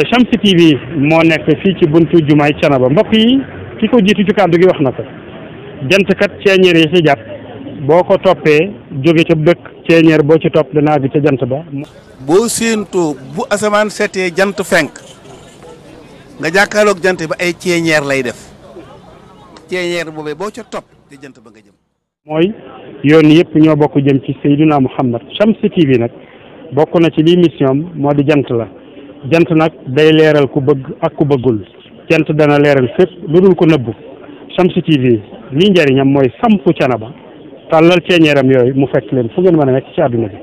Shamsi bi moo nekk fii ci buntu jumaay cana ba mbokk yi ki ko jiitu ci kàddu gi wax na ko jant kat ceeñeer yi ci jàpp boo ko toppee jóge ca bëkk ceeñeer boo ci topp dana àgg ca jant ba. boo séentoo bu asamaan seetee jant fenk nga jàkkaarloog jant ba ay ceeñeer lay def ceeñeer boobee boo ca topp te jant ba nga jëm. mooy yoon yëpp ñoo bokk jëm ci Seydina Muhammad Shamsi bi nag bokk na ci lii mission moo di jant la. jant nag day leeral ku bëgg ak ku bëggul jant dana leeral fépp lu dul ko nëbbu Shamsu TV lii mooy sampu canaba tàllal ceeñeeram yooyu mu fekk leen fu ngeen mën a nekk ci àdduna bi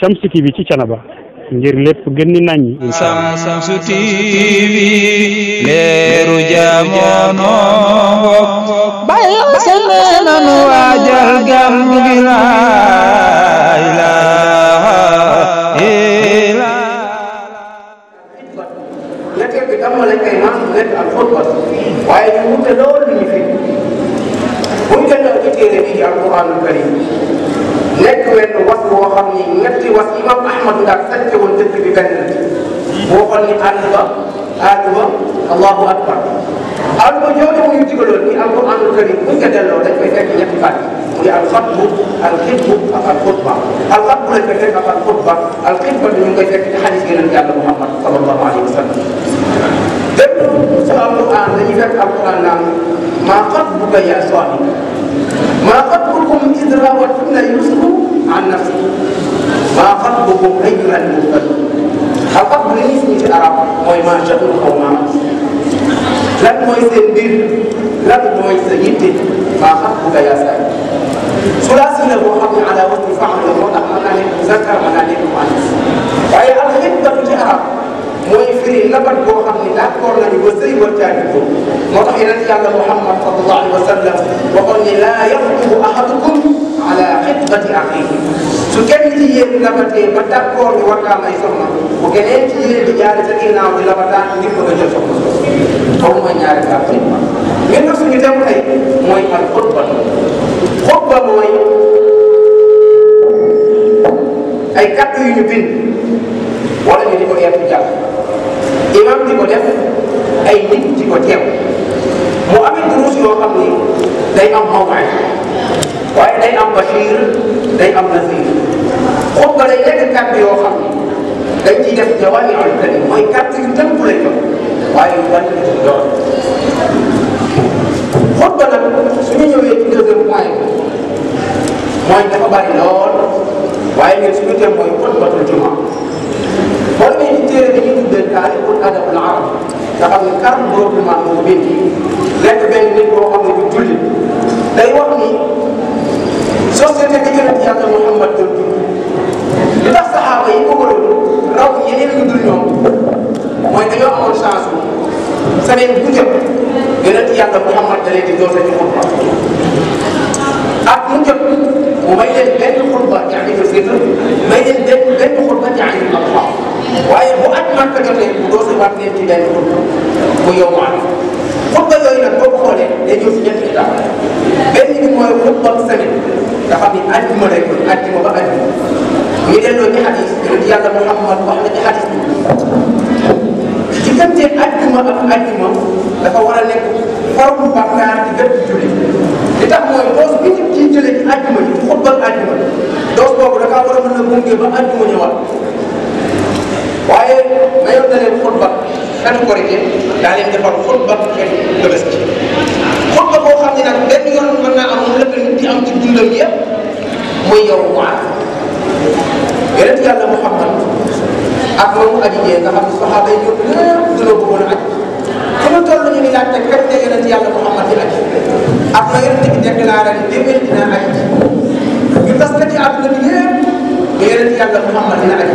Shamsu TV ci canaba ngir lépp gën ni naññi Shamsu TV leeru jamono bayo sene nanu waajal gam gi la Alkitab akan الخطبة Alkitab لن يكون الخطبة القلب Alkitab يكون حديث من الله محمد صلى الله عليه وسلم Tentu soal Quran dan efek Al-Quran nam Maqad buka ya suami Maqad bukum idra wa tunna yusufu an nafsi Maqad bukum ayyuhan muhtadu Al-Qad ini sini Arab Moy ma'asyadul qawma Lan moy sendiri, Lan moy seyidid Maqad buka ya suami ثلاثي له حمل على وزن فعل له على ذكر على مؤنث waaye alxibbatu ci arab mooy firi labat boo xam ni d'accord nañu ba sëy war caa dugg moo tax yeneen yàlla muhammad sallallahu alayhi wa sallam waxoon ni laa yaxtubu ahadukum ala xibbati axihi su kenn ci yéen labatee ba d'accord ñu waxtaan ay soxna bu keneen ci yéen di jaari sa ginnaaw di labataan ngir bëgg a jël soxna boobu mooy ñaari kàpp mooy al xutba xutba mooy ay kàddu yu ñu bind wala ñu di ko yepp jàpp imam di ko def ay nit ko teew mu amit duruus yoo xam ni day am mawwaay waaye day am bashir day am nazir xutba day nekk kàddu yoo xam ne dañ ciy def jawaami'ul kalim mooy kàddu yu tënk lay doon waaye yu bari la ci doon xutba nag su ñu ñëwee ci deuxième point mooy dafa bari lool waaye ñun suñu thème mooy xutbatul juma boo demee ci téere bi ñu tuddee taarixul adabul arab nga xam ne Karl Brookman moo ko bind nekk benn nit boo xam ne ñu julli day wax ni société bi yàlla Muhammad saxaaba yi ko wëroon raw yeneen ñu dul ñoom mooy dañoo amoon chance bu semaine bu jot yonent yàlla Muhammad da leen di doose ci xutba ak mu jot mu may leen benn xutba ci Iidul Fitr may leen benn benn xutba ci Iidul Adha waaye bu at Màkka jotee mu doose waat leen ci benn xutba bu yow maa xutba yooyu nag boo ko xoolee day ñëw si ñetti étape benn bi mooy xutba semaine nga xam ni àjjuma lay doon àjjuma ba àjjuma ñu delloo ci xadis yonent yàlla Muhammad wax na ci xadis diggante ajjuma ak ajjuma dafa war a nekk farabu bàkkaar ci bépp julli li tax mooy doos bi nit ciy jëlee ci ajjuma ji xutbal ajjuma doos boobu dafa war a mën a gunge ba ajjuma ñëwaat waaye mayoon na leen xutba kan korite daa leen defar xutba xeet Tabaski xutba boo xam ne nag benn yoon mën naa am mu la nit di am ci dundam yëpp muy yow waat yonent yàlla Muhammad ak moomu aji jee nga xam ne saxaaba yi ñoom lépp dina bëggoon a aj fu ñu toll ñu ngi laaj te kañ la yonent yàlla Muhammad di aj ak na yonent bi déclaré ne déwén dina aj ñu tas ko ci àdduna bi yëpp mais yonent yàlla Muhammad dina aj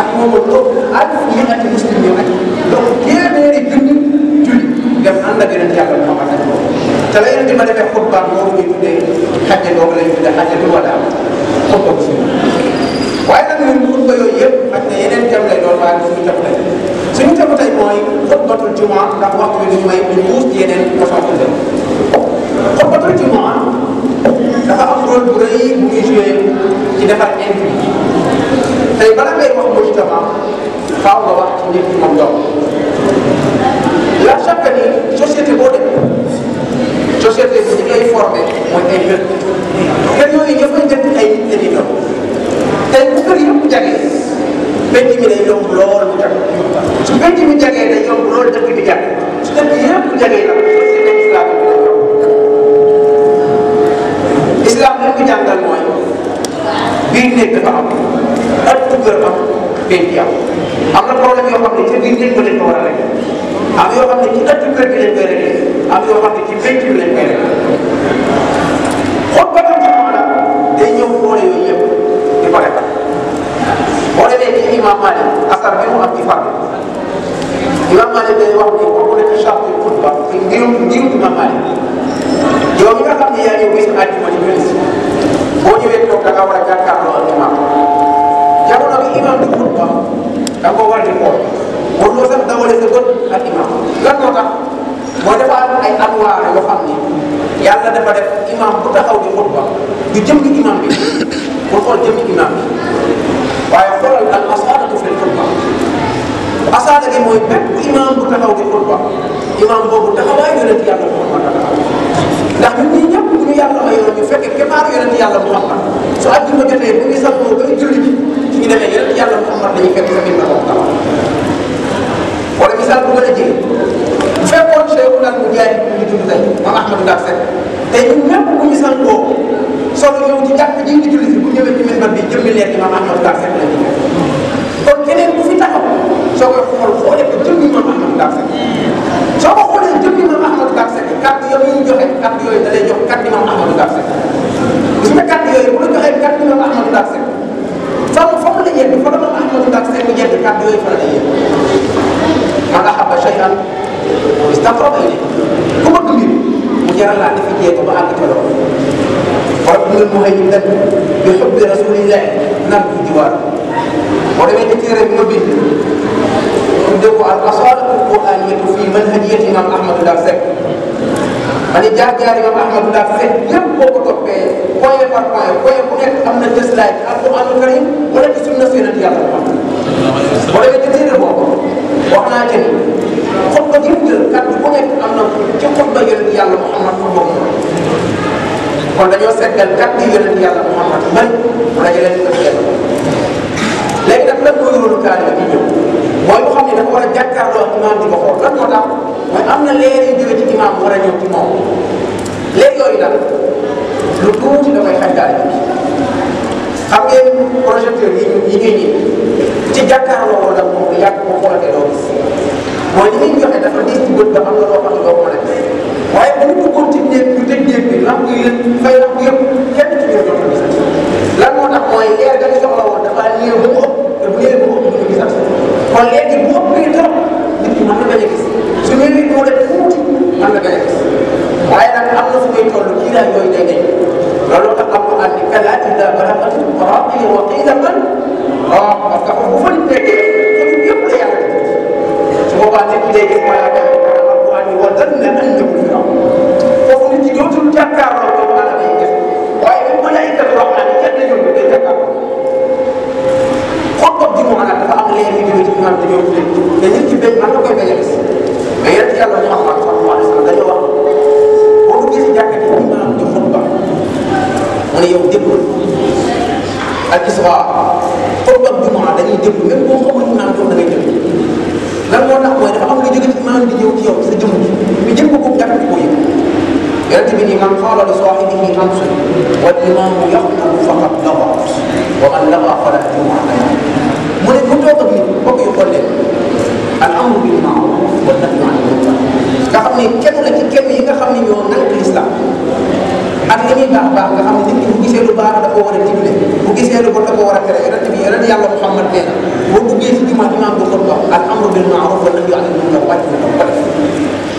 ak moomu loolu aj ñu aj muslim ñu aj donc téeméeri junni julli dem ànd ak yonent yàlla Muhammad aj te la yonent ma defee xutbaam boobu ñuy tuddee xajja boobu la ñu tuddee xajjatul wadaa xutba waaye nag ñun xutba yooyu yëpp xaj na yeneen thème lay doon waaye suñu thème tey suñu thème tey mooy xutbatul juma ndax waxtu bi ñu may ñu muus yeneen façon xutba xutbatul juma dafa am rôle bu rëy bu muy joué ci defar indi tey bala ngay wax mujtama faaw nga wax ci nit ki moom doom la chaque ni boo ñëwee toog da nga war a jàkkaarloo ak imam jamono bi imam di xutba da ko war di xool waruloo sax dawale sa bët ak imam lan moo tax moo defaat ay anwaar yoo xam ni yàlla bu jëm ci imam bi pour xool jëm ci imam bi waaye xoolal al asaadatu fil xutba asaada gi mooy bépp imam bu taxaw di xutba imam boobu taxawaay yonent yàlla ko ma taxaw ndax ñun bu ñu yàlla mayoon ñu fekkee kemaaru yonent yàlla Muhammad su àjjuma jotee bu ñu safoo ba julli ji su ñu demee yonent yàlla Muhammad dañuy fekk sa mbir na ko taxaw wala misaal bu gën a jege bu fekkoon Cheikh Oudar bu jaay ñu ngi dund tey moom Ahmadou Ndaw Seck te ñun ñëpp bu ñu sangoo solo ñëw ci jàpp ji ngi julli si bu ñëwee ci minbar bi jëmmi leer ci maam Ahmadou Ndaw Seck la ñu kon keneen yonent yàlla Muhammad fa moom kon dañoo seggal kàddu yonent yàlla Muhammad man wala yeneen ko kenn léegi nag lan mooy rôle taalibe bi ñëw mooy boo xam ne dafa war a jàkkaarloo ak imaam di ko xool lan moo tax mooy am na leer yu jóge ci imaam war a ñëw ci moom leer yooyu nag lu tuuti da koy xañ taalibe bi xam ngeen projecteur yi ñu yi ñuy ñëw ci jàkkaarloo wala moom yàgg ko xoolatee doo gis mooy li muy joxe dafa diis ci bët ba am na loo xam ne doo ko mën a waaye bu ñu duggoon ci néeg ñu tëj néeg bi làm yi yëpp fay lamp yëpp kenn ci biir dootul gisat lan moo tax mooy leer dañ soxla woon dafa leer bu ëpp te bu leer bu ëpp duñu gisat kon léegi bu ëpp bi trop nit ñi mën na bañ a gis ăn ñu nit ñoo def tuuti mën na bañ a gis waaye nag am na fu muy toll kii daal yooyu day dañ loolu tax am ko àndi kalaat ida balaxat raqiya wa qiila man amru bil ma'ruf wa nahyi anil munkar nga xam ne kenn la ci kenn yi nga xam ne ñoo nank lislaam ak li muy baax baax nga xam ne nit ki bu gisee lu baax da ko war a digle bu gisee lu bon da ko war a tere yonent bi yonent yàlla Muhammad nee na boo duggee ci jumaa imaam bi xutba al amru bil ma'ruf wa nahyi anil munkar wàcc na ko ko def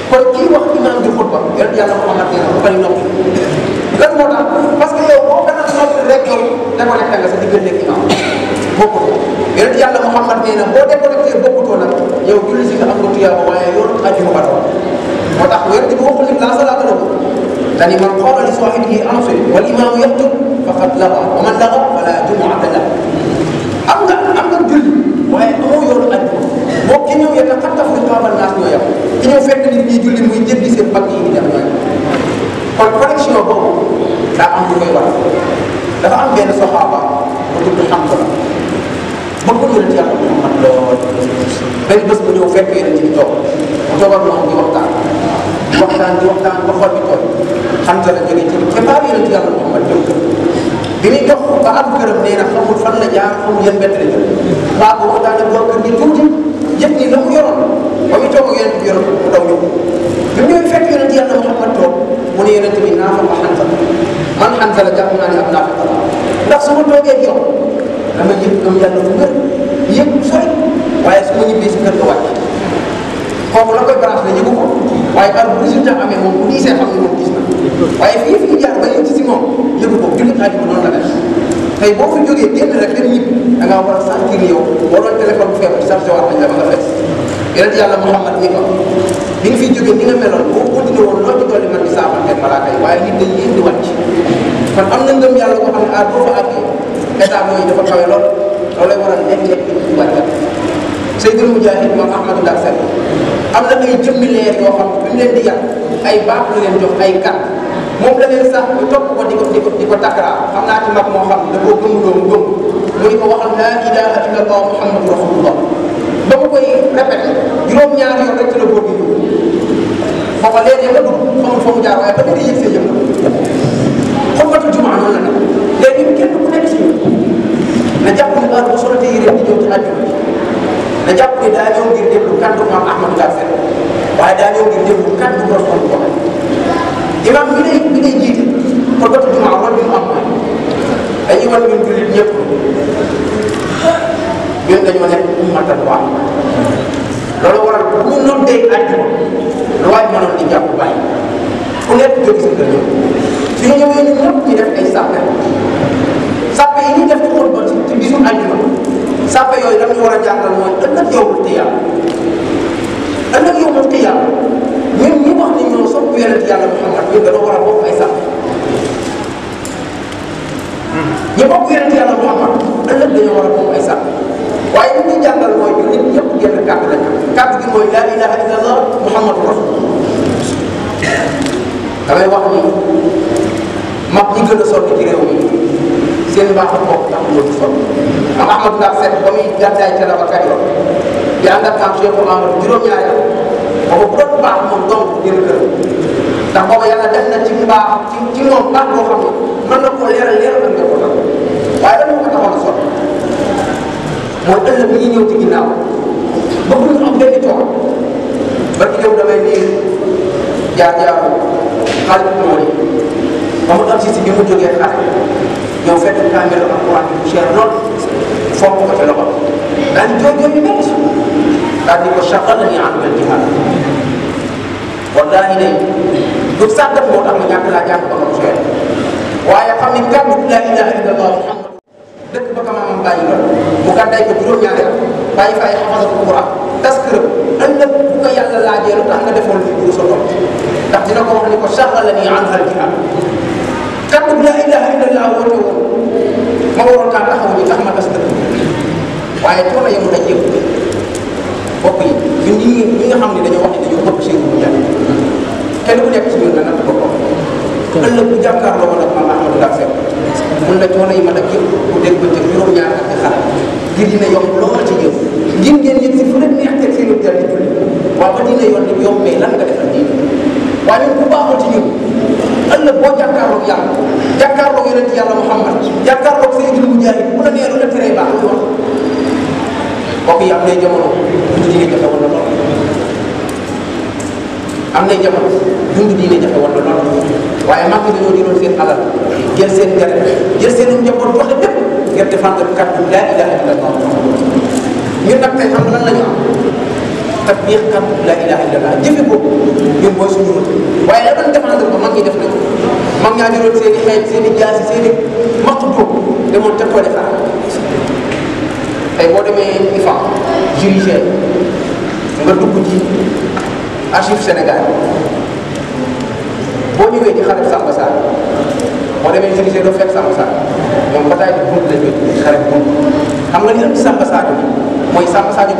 kon kii wax imaam di xutba yonent yàlla Muhammad nee na bu bari noppi lan moo tax parce que yow boo gën a noppi rek yow déconnecté nga sa diggante ak imaam boo ko yonent yàlla Muhammad nee na boo déconnecté yow julli si nga am ko tuyaaba waaye yoonu aju ko war moo tax weer di boo lim laa salaata lahu man qaala li saahibihi ansit wal imaamu yaktub faqad laga wa man laga fala jumuata lahu am nga am nga julli waaye amoo yoonu aju moo ki ñëw yàlla xattaf li xaabal naas ñoo yem ki ñëw fekk nit ñi julli muy jëndi seen bakk yi di def ñoo yem kon connexion boobu daa am lu koy war dafa am benn saxaaba bu tudd xam ko la kon ko yonent yàlla Muhammad lool benn bés bu ñëw fekk yonent bi toog toogal moom di waxtaan waxtaan di waxtaan ba xool bi tooy xam nga la jógee ci képpaaw yonent yàlla Muhammad ñëw bi muy dox ba am këram nee na xamul fan la jaar xamul yan bett la jël waa bu waxtaan ak borom kër gi tuuti yëpp ni la mu yoroon ba muy toog ak yonent bi yoroon mu daw ñëw bi mu ñëwee fekk yonent yàlla Muhammad toog mu ne yonent bi naa fa ba xansa man xansa la jàpp naa ne am naa fa ndax su ma toogee ak yow dama jëm gëm yàlla bu wér yëpp sori waaye su ma ñibbee si kër ga wàcc kooku la koy branché la yëgu ko waaye par bu résultat amee moom bu diisee xam ne moom diis na waaye fii fi ñu jaar ba yëg ci si moom yëgu ko jullit aaju ko noonu la def tey boo fi jógee génn rek dem ñibbi da ngaa war a sentir yow waroon téléphone bu feebar chargé waat nañ la ba nga fees yonent yàlla Muhammad ni ko bi nga fiy jógee ni nga meloon boo continué woon loo ci dolli man di saafante malaaka yi waaye nit dañ leen di wàcc kon am na ngëm yàlla ko xam ne ah doo fa àggee état yooyu dafa kawe lool loolu lay waral nekk nekk ci wàllu Seydul Mujahid moom Ahmadou Dar Sen am na ay jëmmi leer yoo xam ne bi mu leen la leen sax ñu ko di ko di ko di ko takkaraat xam naa ci mag moo xam ne da koo gëm gëm ko waxal laa ilaaha illallah muhammadu rasulullah ba mu koy répété juróom-ñaari yoon ci la góor gi ñëw foofa léeg-léeg nga dugg xamul fa mu jaar waaye ba léegi yëg see yëngu xutbatu jumaa noonu la léegi kenn ku nekk ci ñun na jàpp ni heure bu solatee yére di ñëw ci àjjuma bi na jàpp ni daa ñëw ngir déglu kaddu maam Ahmadou Gassène waaye daa ñëw ngir déglu kaddu borom ko imam bi lay bi lay jiite kon ba tudd maa war bi mu am mooy dañuy war ñun jullit ñëpp ñun dañoo nekk ummatan waa loolu waral bu ñu noddee àjjuma lu waaj mënoon di jàpp bàyyi ku nekk jóg si kër ñëw suñu ñëwee ñun ñëpp ñu def ay sàppel sàppe yi ñu def ci xutba ci bisu àjjuma sàppe yooyu dañu war a jàngal mooy ëllëg yowmul qiyaam ëllëg yowmul qiyaam ñun ñu wax ni ñoo sopp yonent yàlla Muhammad ñun dañoo war a bokk ay sàppe ñu bokk yonent yàlla Muhammad ëllëg dañoo war a bokk ay sàppe waaye li ñuy jàngal mooy ñun nit ñëpp genn kàddu la kàddu gi mooy laa ilaha illallah Muhammadu rasulullah damay wax ni mag ñi gën a sonn ci réew mi seen mbaaxu bopp ndax ñoo ci sonn am Ahmadou Ndaw Seck ba muy gàddaay ca la ba Kajoor di ànd ak Cheikh Mamadou juróom-ñaari boobu bu doon baax moom donc gën kër ndax boobu yàlla def na ci mbaax ci ci moom baax boo xam ne mën na koo leeral leeral na nga ko tax waaye lan moo ko taxoon a sonn mooy ëllëg ñi ñëw ci ginnaaw bëgg ñu am benn tool ba ci yow damay nii jaar jaaru xaalis bu ba mu doon si si bi mu jógee xar yow fekk tàmbali ak alquran bu cher lool fonk ko ca loxo daal di jooy jooy yu mel su daal di ko chaqal ni am mel jihaad kon daa ñu ne du sàggat moo tax ma ñàkk laa jàng ba xam cher waaye xam ni kàddu laa ilaha illa allah muhammad dëkk ba kama am bàyyi la mu gàdday ko juróom-ñaari at bàyyi fay xamasatu quran tas këram bu ko yàlla laajee lu tax nga defoon lu dul sa bopp ndax dina ko wax ni ko chaqal ni am mel kàddu laa ilaaha illallaah woote woon ma a kaa taxaw ñu tax ma tas dëkk waaye coono yemu na yëpp bopp yi ñun ñi nga xam ne dañoo wax ne dañoo bëgg Cheikh Oumou Diagne nekk yi ma nag yëpp si fu leen i jàll di julli waaw ba dina yoon di yomb mais lan nga defal diine waaye ñun bu baaxul ci ñun ëllëg boo jàkkaarloog yàlla jàkkaarloog yonent yàlla Muhammad jàkkaarloog Seydina Mujahid bu la nee lu la teree baax lu wax mbokk yi am nay jamono dund diine jafe woon na lool am nay jamono dund diine jafe woon na lool waaye mag dañoo jëloon seen alal jël seen deret jël seen njaboot joxe lépp ngir défendre kàddu laa ilaaha illallaah ñun nag tey xam lan la ñu am tatbiq kan la ilaha illallah jëfe ko ñun mooy suñu mën waaye la doon défendre ko mag ñi def nañ ko mag ñaa jëloon seen i xeej seen i jaasi seen i maq dóob demoon teg ko defar tey boo demee IFA jurigèr nga dugg ci archive Sénégal boo ñëwee ci xarit Samba Sarr boo demee jurigèr doo fekk Samba Sarr ñoom bataay bi bunt la ñu xarit bunt xam nga li ëpp Samba Sadio mooy Samba Sadio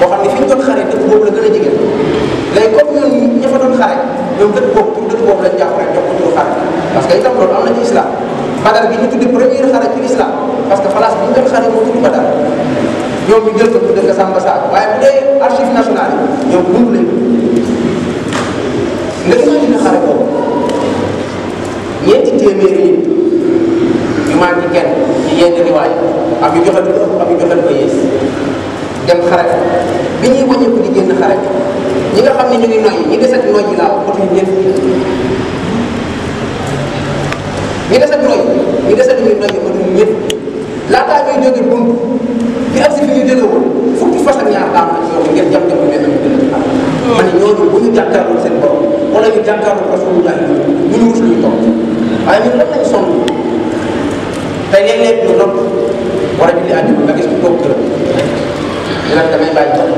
boo xam ne fi ñu doon xaaree dëkk boobu la gën a jege léegi comme ñun ña fa doon xaaree ñoom dëkk boobu pour dëkk boobu lañ jàpp rek jox ko turu xaaree parce que itam bi ñu tudde première xare ci islam parce que place bi ñu ñoom ñu jël ko tudde ko Samba Saar waaye bu dee archive nationale yi ñoom dund lañ nga imagine xare boobu ñeenti téeméeri nit ñu màgg kenn ci yenn riwaay am yu joxe lu am yu joxe lu ko dem xarak bi ñuy wàññeeku di génn xarak ñi nga xam ne ñu ngi noyyi ñi des ak noyyi laaw oto yi ñeent ñi des ak noyyi ñi des ak ñuy noyyi ñuy jóge bunt bi ak si fi ñu jóge woon fukki fas ak ñaar daam na ci yow ngeen jam jam bu benn bi dëna ma ne ñooñu bu ñu jàkkaarloo seen borom wala ñu jàkkaarloo bu ñu wut luy toog waaye ñun lan lañ sonn te léeg-léeg ñu war a julli àjjuma nga gis ku toog léegi nag damay bàyyi tool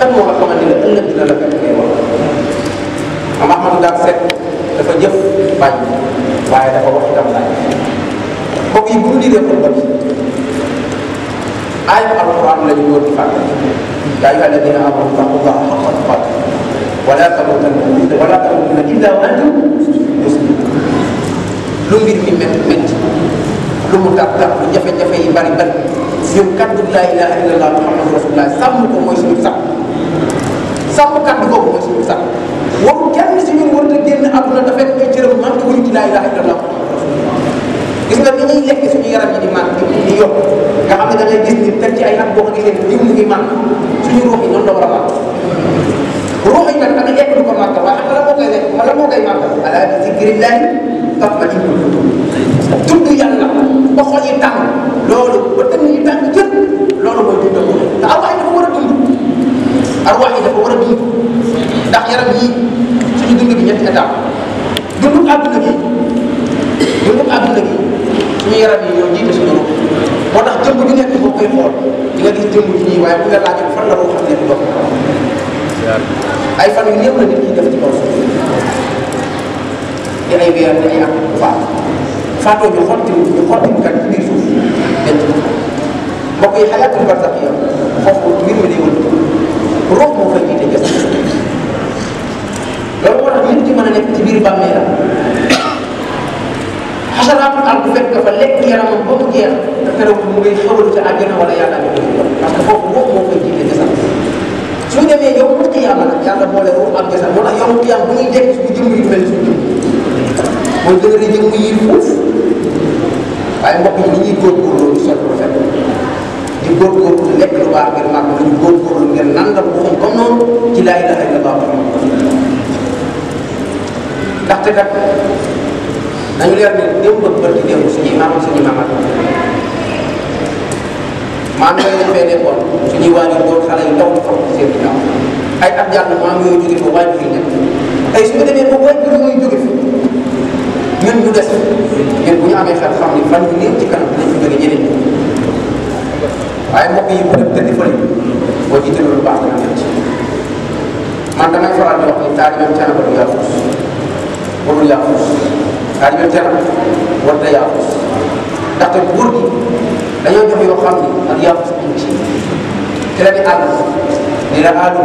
kan moo la xamante ne ëllëg dina la fekk ngay wax am Ahmadu daal seet dafa jëf bañ waaye dafa wax itam laaj mbokk yi bu ñu liggéey xol bët ay alquran la ñu war di fàtte yaa ayyuha alladina amanu taqullaha xaqa tuqaatih wala tamutunna wala tamutunna illa wa antum muslimun lu mbir mi métti métti lu mu gàpp gàpp jafe-jafe yi bari bari seen kaddu laa ilaha illallah muhammad rasulullah sàmm ko mooy suñu sàmm sàmm kaddu googu mooy suñu sàmm waru kenn si ñun warut a génn àdduna dafa fekk ay cëram manqué wuñ ci laa ilaha illallah muhammad rasulullah gis nga ni ñuy lekk suñu yaram yi di màgg di di yokk nga xam ne da ngay gis ni teg ci ay at boo ko gisee diw mu ngi màgg suñu ruux yi noonu la war a màgg ruux da nga yegg ko màgg waaye xam nga la moo koy lekk ma la moo ala bi tatma'innul qulub ñetti étape dundub àdduna gi dundub àdduna gi suñu yaram yi ñoo jiite suñu ruux moo tax jëmb ju nekk boo koy xool di nga gis jëmb ji nii waaye bu nga laajee fan la boo xam ne du dox ay fan yu néew la nit ki def ci kaw suuf di ay weer dañuy am faat faatoo ñu xotti ñu xotti kat ci biir suuf denc mbokk yi xalaatul barsax yi foofu mbir mi day wël ruux moo fay jiite jëf mën a nekk ci biir bàmmeelam xasaraatul àll bu fekk fa lekk yaramam ba mu jeex te terewul mu yàlla ñu koy parce que foofu moom moo koy jiite gisam su ñu demee yow mu yàlla boole wu mu yàlla foofu waaye mbokk yi ni ñuy góorgóorlu ñu sol lu fekk di góorgóorlu lekk baax ngir màgg lu ñu góorgóorlu ngir nandal ko comme noonu ci laay la rek la baax ndaxte kat dañu leer ni démb ak barki démb suñuy maam ak suñuy maamat maam yooyu dañ fee nekkoon suñuy waajur doon xale yu ndaw fa seen ginnaaw ay at jàll maam yooyu jóge fa waajur yi nekk tey su ko demee ba waajur yooyu jóge fi ñun ñu des ñun bu ñu amee xel xam ni fan yu néew ci kanam dinañ fi jóge ñeneen waaye mbokk yi bu dem tëdd fële boo jiite loolu baax na ci man damay faral di wax ni warul yaafus taalibe teral warut a yaafus ndaxte buur gi dañoo jox yoo xam ni ak yaafus amu ci te la di àll di la àllu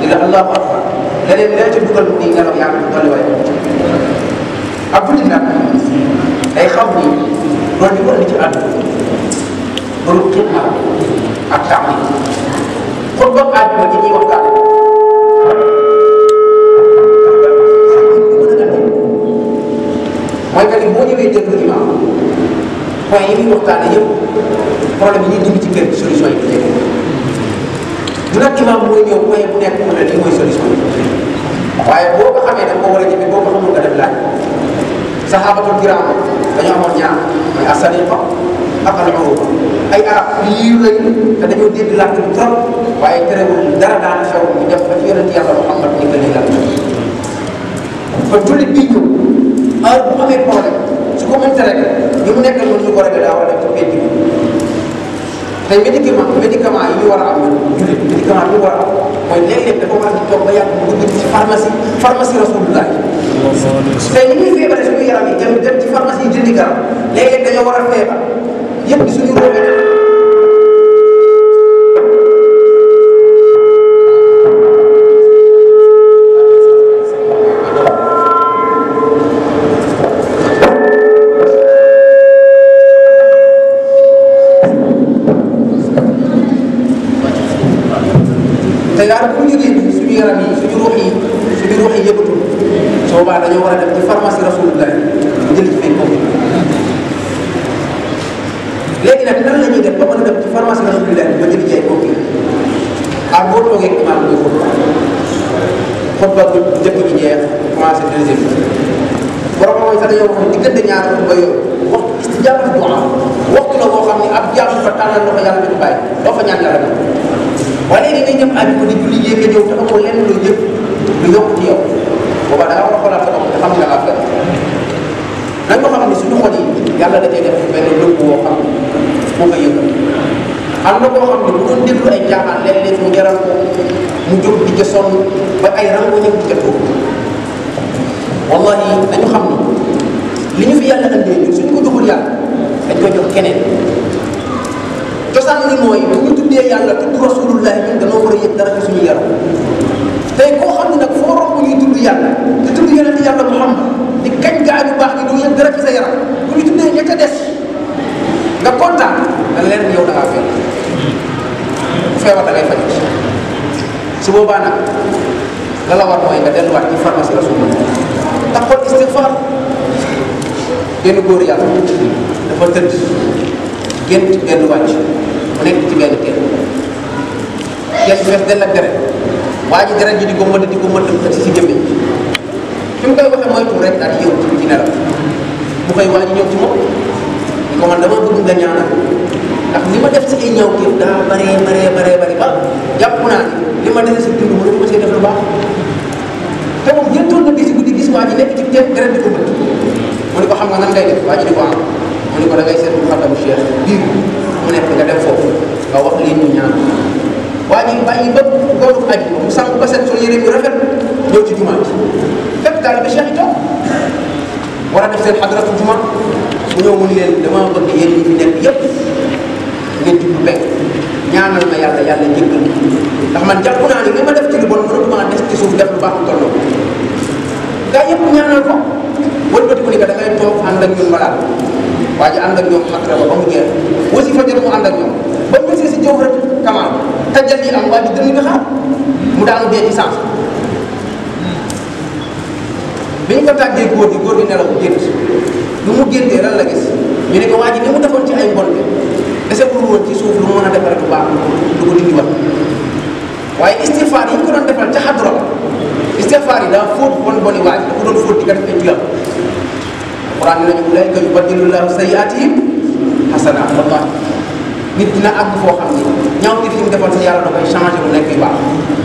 di la allahu akbar leneen la ca dugal mu nii ngelaw yaa ngi dolli waaye ab buddi nag day xam ni loolu di wàllu ci àll loolu xitma ak taxaw yi kon boobu àdduna gi ñuy waxtaan yooyu boo ñëwee dégg ko imam point yi muy waxtaane yëpp problème yi ñuy dund ci kër gi solution yi du nekk du nag imam mooy ñëw point bu nekk mu ne lii mooy solution waaye boo ko xamee da nga ko war a jëfee boo ko xamul nga def laaj saxaabatul kiraam dañoo amoon ñaar mooy asadiqa ak al uruba ay arab yiiw lañ te dañoo dégg làkk bi trop waaye terewul dara daan xew ñu def ba ci yonent yàlla Muhammad ni ko lii làkk ba jullit bi ñëw heure bu amee problème su ko mënta rek ñu mu nekk mën ñu ko rek daa war a def ci biir tey médicament médicament yi ñu war a am jullit war a am mooy léeg-léeg dafa war di toog ba yàgg mu dugg ci pharmacie pharmacie rasulullah tey ñu ngi feebaree suñu yaram yi dem dem ci pharmacie yi jëndi garab léeg-léeg dañoo war a feebar yëpp suñu roobee daanaka bu ñu génn suñu yaram yi suñu ruux yi suñu ruux yi yëbatul su boobaa dañoo war a dem ci pharmacie rasulullah jël ci fay boobu léegi nag nan la ñuy def ba mën a dem ci pharmacie rasulullah ba jël ci ay boobu ah boo toogee ak imaam bi xutba xutba bu njëkk bi jeex commencé deuxième borom mooy sax yow xam diggante ñaar xutba yow waxtu istijaabu du'a waxtu la boo xam ne ab jaamu fa tànnal loxo yàlla bi du bàyyi doo fa ñaan yàlla wala yi ngay jëm ànd ko di julli yéeg a ñëw te amul lenn loo jëm lu yokk ci yow booba da nga war a xoolaat xam ko xam ne suñu xol yi yàlla da cay def benn lëkk woo xam moo koy yëngal am na koo xam ne bu doon déglu ay jaaxaan léeg-léeg mu jaral ko mu di ca sonn ba ay xam ni li ñu fi yàlla andee ñun suñu ko joxul yàlla dañ ko jox keneen cosaan li mooy bu ñu tuddee yàlla tudd rasulullah ñun dañoo war a yëg dara ci suñu xam ne nag foo romb ñuy tudd yàlla di tudd yonent yàlla Muhammad di kañ gaa yu baax yi doo yëg dara ci sa yaram bu ñu nga kontaan dañ leen yow da ngaa a bu feebar da ngay faj su boobaa nag la la war mooy nga delluwaat ci pharmacie rasulullah taxawal istighfar benn góor yàlla dafa tëdd yépp ci genn wàcc mu nekk ci benn teen teen bu fees dell ak deret waa ji deret ji di ko mëdd di ko mëdd ba ci si gémmiñ fi mu koy waxee moytu rek daal di yëw ci nelaw bu koy waa ji ñëw ci moom di ko man dama bëgg nga ñaanal ndax li ma def si ay ñaw kii daa baree baree baree bari ba jàpp naa ne li ma dese si dund mënu ma see def lu baax te moom ñëpp toog na gis guddi gis waa ji nekk ci teen deret di ko mëdd mu ne ko xam nga nan ngay def waa ji di ko am mu ne ko da ngay seet mu xaddam cheikh biir mu nekk nga dem foofu nga wax ñu ñaan waa ji bàyyi ba góoru aji mu sàmm ba set sol yére yu rafet ñëw ci jumaa ji fépp daal ba cheikh yi toog war a def seen xadratu juma mu ñëw mu leen dama bëgg yéen ñi fi nekk yépp ngeen jublu bekk ñaanal ma yàlla yàlla jéggal ndax man jàpp naa ne li ma def ci lu bon mënatuma def ci suuf def lu baax lu tolloo gaa yëpp ñaanal ko wëlbati ko ni ko da ngay toog ànd ak ñun walaat waa ji ànd ak ñoom xatra ba ba mu jeex aussi fa jot mu ànd ak ñoom ba mu gisee si jëw nga mu daanu dee ci sens ko tàggee góor gi góor gi nelaw génn lu mu génnee lan la gis ñu ne ko waa ji ni defoon ci ay mbonte dese ko woon ci a defaree bu baax du ko waaye istifaar yi ñu ko doon defal ca xadra istifaar yi daa fóot bon boni waa ji da ko doon fóot di ko def alquran ne nañu ulaayka yubaddilu llaahu sayyi'aatihim hasanaat wallahi nit dina àgg foo xam ne ñaaw nit ñi defoon si yàlla da koy changé mu nekk yu baax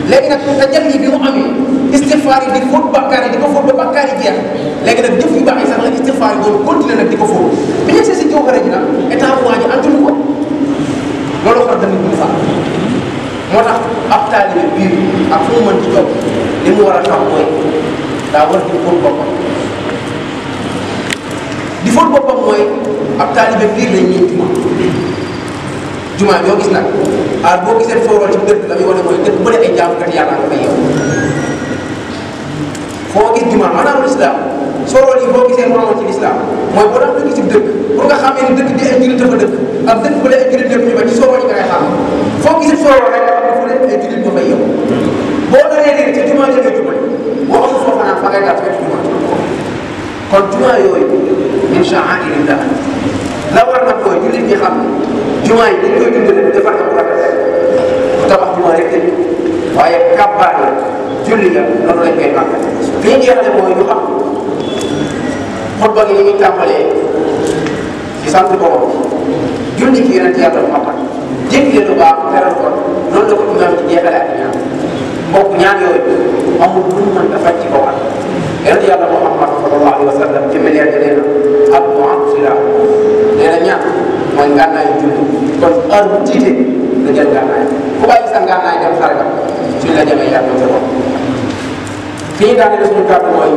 léegi nag tajal yi bi mu amee istigfaar yi di fóot bàkkaar di ko fóot ba bàkkaar yi jeex léegi nag jëf yu baax yi sax la istigfaar yi doon continué nag di ko fóot bi ñu si jiw xare ji nag état bu waa ji antunu ko loolu xar tamit moo tax ab taalibe biir ak fu mu mën ci mu war a xam daa war di fóot boppam mooy ab taalibe biir lañ ñuy jumaa yoo gis nag aar boo gisee fooral ci dëkk la muy wane mooy dëkk bu ne ay jaamukat yàlla nga fay yow foo gis jumaa maanaam lislaam soorool yi boo gisee moromoon ci lislaam mooy boo daan dëkk ci dëkk pour nga xamee ni dëkk bi ay jullit dëkk dëkk ay jullit dëkk ñu ba ci soorool xam foo gisee soorool rek ay jullit ñu fay yow boo naree réer ca jumaa nga koy jubal boo ko fa foo fanaan fa ngay daal ci wetu jumaa min sha'airillah la war na ko jullit ñi xam jumaa yi dañ koy dundale defar ko rafet tabax jumaa rek te waaye kàbbaar la julli la loolu lañ koy màggal li ñu jeexale mooy ñu xam xutba gi ñu ngi tàmbalee ci sant borom julli ci yonent yàlla Muhammad jégle lu baax teral ko noonu la ko imaam ci jeexale ak ñaan mbokk ñaan yooyu amul lu ñu mën a faj ci boppam yonent yàlla Muhammad sallallahu alayhi wa sallam ci miliyaar yi nee na ak mu'tazila nee na ñaan mooy ngànnaayu jullit kon heure bu jiite nga jël ngànnaay ku bàyyi sa ngànnaay dem xare suñ la jamee yàgg sa bopp fi ñu daanee suñu kàddu mooy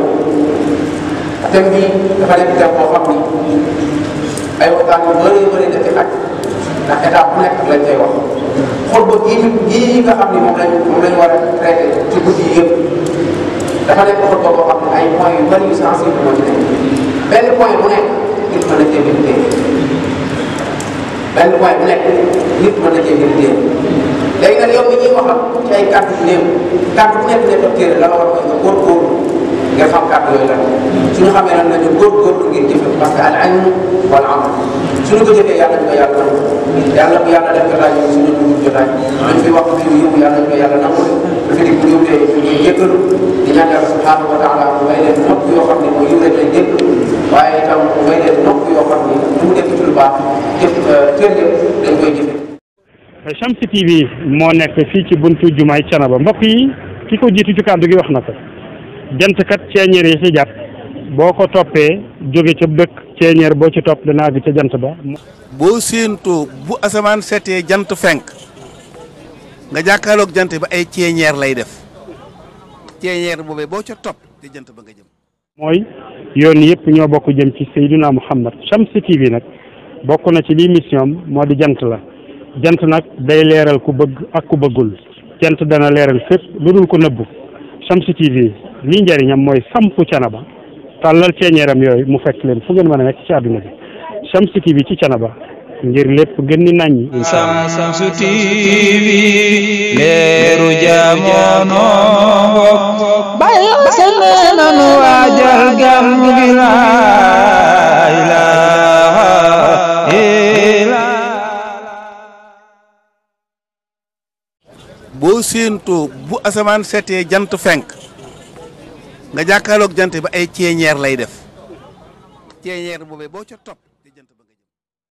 thème dafa nekk thème boo xam ay waxtaan yu bëri bëri daf ci xaj ndax état nekk lañ koy wax xutba gii gii nga xam a yëpp dafa nekk xutba boo ay points yu bëri yu moo ci nekk benn point bu nekk nit mën na cee bind point bu nekk nit mën na cee bind téere léegi nag yow mi ñuy waxal ci ay kàddu yu néew kàddu bu nekk nekk téere la war mooy nga góorgóorlu nga xam kàddu yooyu la la ñu góorgóorlu ngir jëfe parce que al ilm wal amal suñu ko jëfee yàlla ñu ko yàlla yàlla bu yàlla def jotaay suñu dugub jotaay ñu fi wax fi yëpp yàlla ñu ko yàlla Serigne TV euh, moo nekk fii ci buntu jumaay Canaba mbokk yi ki ko jiitu ci kàddu gi wax na ko jant kat ceeñeer yi ci jàpp boo ko toppee jóge ca bëkk ceeñeer boo ci topp danaa gi ca jant ba. boo séentoo bu asamaan seetee jant fenk. nga jàkkaarloog jant ba ay ceeñeer lay def ceeñeer boobee boo ca topp di jant ba nga jëm. mooy yoon yëpp ñoo bokk jëm ci Seydouna Muhammad Shamsu TV nag bokk na ci li mission moo di jant la jant nag day leeral ku bëgg ak ku bëggul jant dana leeral fépp lu dul ko nëbbu Shamsu TV lii njëriñam mooy sampu canaba tàllal ceeñeeram yooyu mu fekk leen fu ngeen mën a nekk ci àdduna bi Shamsu TV ci canaba. ngir lépp gën ni nañ inshallah Samsu TV leeru jamono bay sene nanu waajal gam gi la boo séentoo bu asaman sete jant fenk nga jàkkaarloog jant ba ay ceeñeer lay def ceeñeer boobee boo ca topp